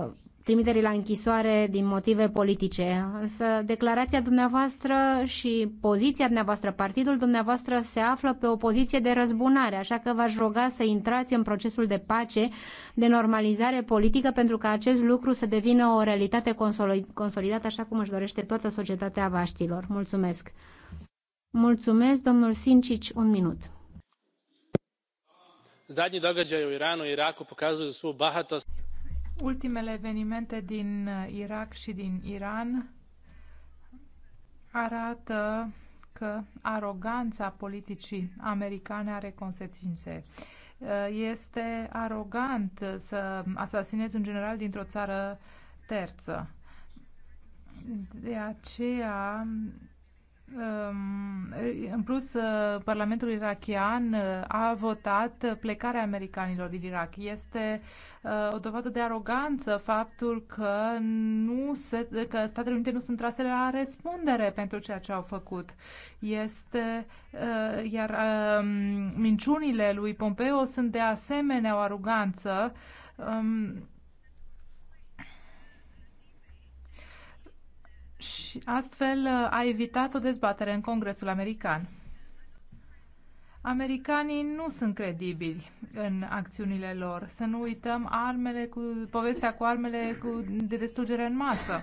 uh trimiterii la închisoare din motive politice. Însă declarația dumneavoastră și poziția dumneavoastră, partidul dumneavoastră se află pe o poziție de răzbunare, așa că v-aș ruga să intrați în procesul de pace, de normalizare politică, pentru ca acest lucru să devină o realitate consolidată, așa cum își dorește toată societatea vaștilor. Mulțumesc! Mulțumesc, domnul Sincici, un minut. Zadnji događaj u Iranu i Iraku pokazuju svu bahatost. Ultimele evenimente din uh, Irak și din Iran arată că aroganța politicii americane are consecințe. Uh, este arogant să asasinezi un general dintr-o țară terță. De aceea Ehm, în plus, eh, Parlamentul irachian eh, a votat plecarea americanilor din Irak. Este eh, o dovadă de aroganță faptul că, nu se, că Statele Unite nu sunt trase la răspundere pentru ceea ce au făcut. Este, iar ehm, minciunile lui Pompeo sunt de asemenea o aroganță ehm, și astfel uh, a evitat o dezbatere în Congresul American. Americanii nu sunt credibili în acțiunile lor. Să nu uităm armele cu, povestea cu armele cu, de destrugere în masă